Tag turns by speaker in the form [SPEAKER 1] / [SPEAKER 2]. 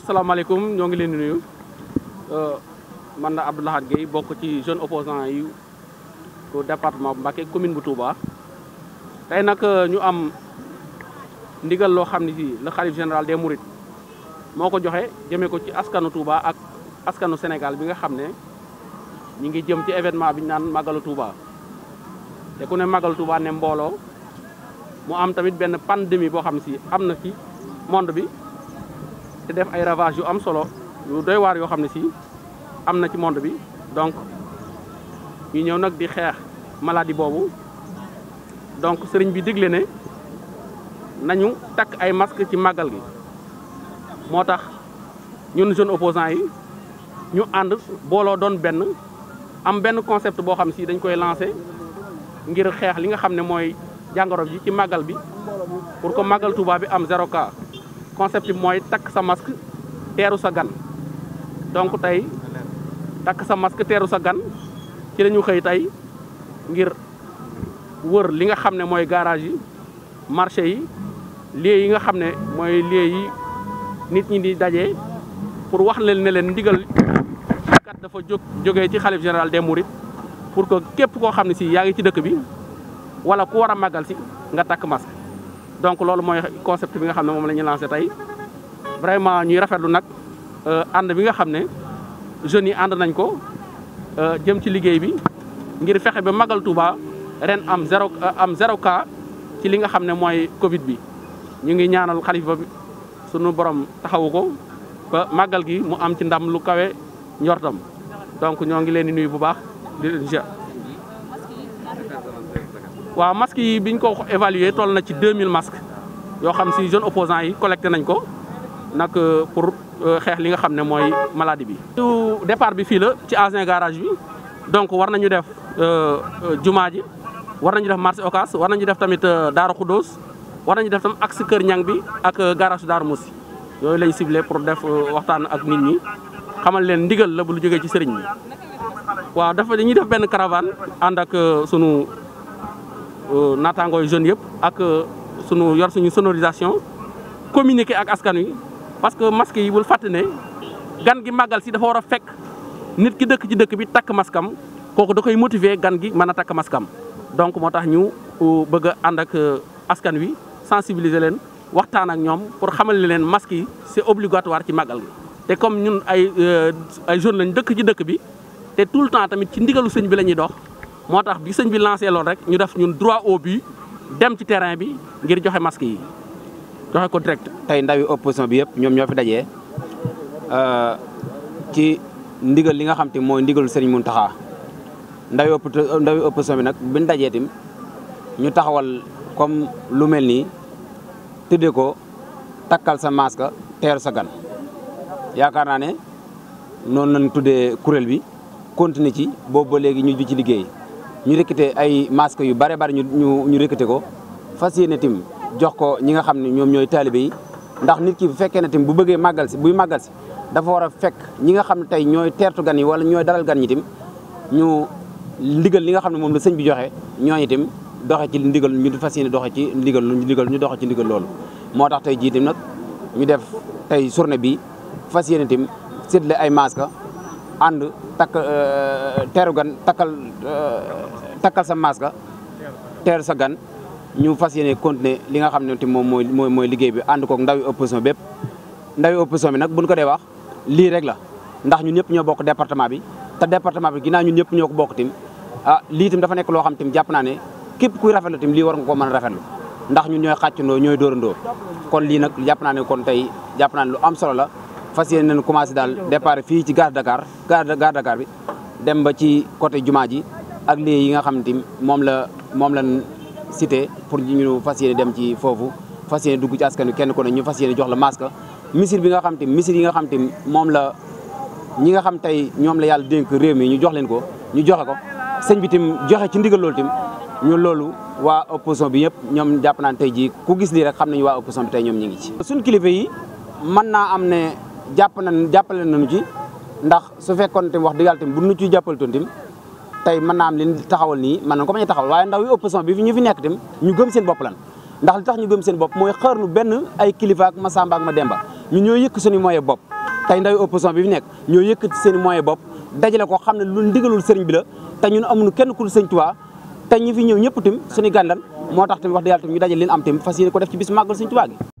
[SPEAKER 1] asalaamaaleykum ñoo ngi leen di nuyu euh, man la Abdou Lahad Guèye bokk ci jeune opposant yu département bu Mbacké commune bu Touba. tey nag euh, ñu am ndigal loo xam ne si le khalife général des Mourides moo ko joxe jëmee ko ci askanu Touba ak askanu Sénégal bi nga xam ne ñu ngi jëm ci événement bi ñu naan màggalu Touba. te ku ne màggalu Touba ne mbooloo mu am tamit benn pandémie boo xam ne si am na ci monde bi. te def ay ravage yu am solo yu doy waar yoo xam ne si am na ci monde bi donc ñu ñëw nag di xeex maladie boobu donc sëriñ bi digle ne nañu takk ay masque ci màggal gi moo tax ñun jeune opposant yi ñu ànd booloo doon benn am benn concept boo xam si dañ koy lancé ngir xeex li nga xam ne mooy jàngoro ji ci màggal bi pour que màggal Touba bi am zéro cas concept mooy takk sa masque teeru sa gan donc tey takk sa masque teeru sa gan ci la xëy tey ngir wër li nga xam ne mooy garage yi marché yi lieu yi nga xam ne mooy lieu yi nit ñi di daje pour wax leen ne leen ndigal kat dafa jóg jógee ci xale général des mourides pour que képp koo xam ne si yaa ngi ci dëkk bi wala ku war a màggal si nga takk masque donc loolu mooy concept bi nga xam ne moom la ñu tey vraiment ñuy rafetlu nag euh, ànd bi nga xam ne jeunes yi ànd nañ ko euh, jëm ci liggéey bi ngir fexe ba magal Touba ren am zéro euh, am zéro cas ci li nga xam ne mooy Covid bi ñu ngi ñaanal xalifa bi sunu borom taxawu ko ba magal gi mu am ci ndam lu kawe njortam donc ñoo ngi leen di nuyu bu baax di waaw masques yi biñ ko évaluer toll na ci 2000 masques yoo xam si jeunes opposants yi collecté nañ ko nag euh, pour euh, xeex li nga xam ne mooy maladie bi. départ bi fii la ci ancien garage bi donc war nañu def euh, jumaa ji war nañu def marché Ocass war nañu def tamit Daaru Xuddoos war nañu def tam ak si kër ñang bi ak garage Daaru Moussi yooyu lañ ciblé pour def waxtaan ak nit ñi xamal leen ndigal la bu lu jógee ci sëriñ bi waa dafa dañuy def benn caravane ànd ak sunu. Euh, naataangooy jeunes yëpp ak euh, sunu yor suñu sonorisation communiquer ak askan wi parce que masque yi bul fàtte ne gan gi màggal si dafa war a fekk nit ki dëkk ci dëkk bi takk maskam kooku da koy motiver gan gi mën a takk maskam donc moo tax ñu euh, bëgg a ànd ak askan wi sensibiliser leen waxtaan ak ñoom pour xamal leen masque yi c'est obligatoire ci màggal gi te comme ñun ay ay jeunes lañ dëkk ci dëkk bi te tout le temps tamit ci ndigalu sëñ bi la ñuy dox moo tax bi sëñ bi lancé loolu rek ñu def ñun droit au but dem ci terrain bi ngir joxe masque yi joxe ko direct.
[SPEAKER 2] tey ndawi opposition bi yëpp ñoom ñoo fi dajee euh, ci ndigal li nga xam te mooy ndigalu sëriñ Mountakha ndawi ndawi opposition bi nag biñ dajee tim ñu taxawal comme lu mel nii tuddee ko takkal sa masque teeru sa gan yaakaar naa ne noonu lañ tuddee kuréel bi continuer ci boobu ba léegi ñu ju ci liggéey. ñu recruter ay masque yu bare bari ñu ñu ñu recruter ko fas yéene tim jox ko ñi nga xam ne ñoom ñooy taalibe yi ndax nit ki bu fekkee ne tim bu bëggee màggal si buy màggal si dafa war a fekk ñi nga xam ne tey ñooy teertu gan yi wala ñooy dalal gan ñi tim ñu ndigal li nga xam ne moom la sëñ bi joxe ñooñu tim doxe ci ndigal ñu fas yéene doxe ci ndigal ndigal ñu doxe ci ndigal loolu moo tax tey jii tim nag ñu def tey journée bi fas yéene tim séddale ay masque ànd takk euh, teeru gan takkal euh, takkal sa maas ga teer sa gan ñu fas yéene continuer li nga xam ne te moom mooy mooy mooy liggéey bi ànd koog ndawi opposition bépp ndawi opposition bi nag buñ ko dee wax lii rek la ndax ñun ñëpp ñoo bokk département bi te departement bi ginnaaw ñun ñëpp ñoo ko bokk tim ah lii tam dafa nekk loo xam tim jàpp naa ne képp kuy rafetlu tim lii war nga ko mën a rafetlu ndax ñun ñooy xàccandoo ñooy dóorandoo kon lii nag jàpp naa ne kon tey jàpp naa lu am solo la fas yéene nañu commencé daal départ fii ci gare Dakar gare Dakar bi dem ba ci côté jumaa ji ak lieu yi nga xam ne moom la moom la cité pour ñu fas yéene dem ci foofu fas yéene dugg ci askan wi kenn ko ne ñu fas yéene jox la masque misir bi nga xam te misir yi nga xam te moom la ñi nga xam tey ñoom la yàlla dénk réew mi ñu jox leen ko ñu joxe ko sëñ bi tim joxe ci ndigal loolu tim ñu loolu waa opposition bi ñëpp ñoom jàpp naan tey ji ku gis lii rek xam nañu waa opposition bi ñoom ñu ngi ci. suñ jàpp nañ jàppale nañu ci ndax su fekkoon tamit wax dëgg yàlla tamit bu nu ciy jàppal toon tamit tey mën naa am taxawal nii mën nañ ko bañ a taxawal waaye ndaw yi opposition bi ñu fi nekk tamit ñu gëm seen bopp lan ndax li tax ñu gëm seen bopp mooy xër nu ay kilifa ak Masamba ak Mademba ñu ñoo yëkk suñu moyen bopp tey ndaw yi opposition bi fi nekk ñoo yëkkati seen moyen bopp dajale ko xam ne lu ndigalul sëriñ bi la te ñun amuñu kenn ku sëñ Tuubaa te ñi fi ñëw ñëpp tim suñu gàndal moo tax tamit wax dëgg yàlla tamit ñu dajale leen am tamit fas yéene ko def ci bis màggal sëñ Tuubaa gi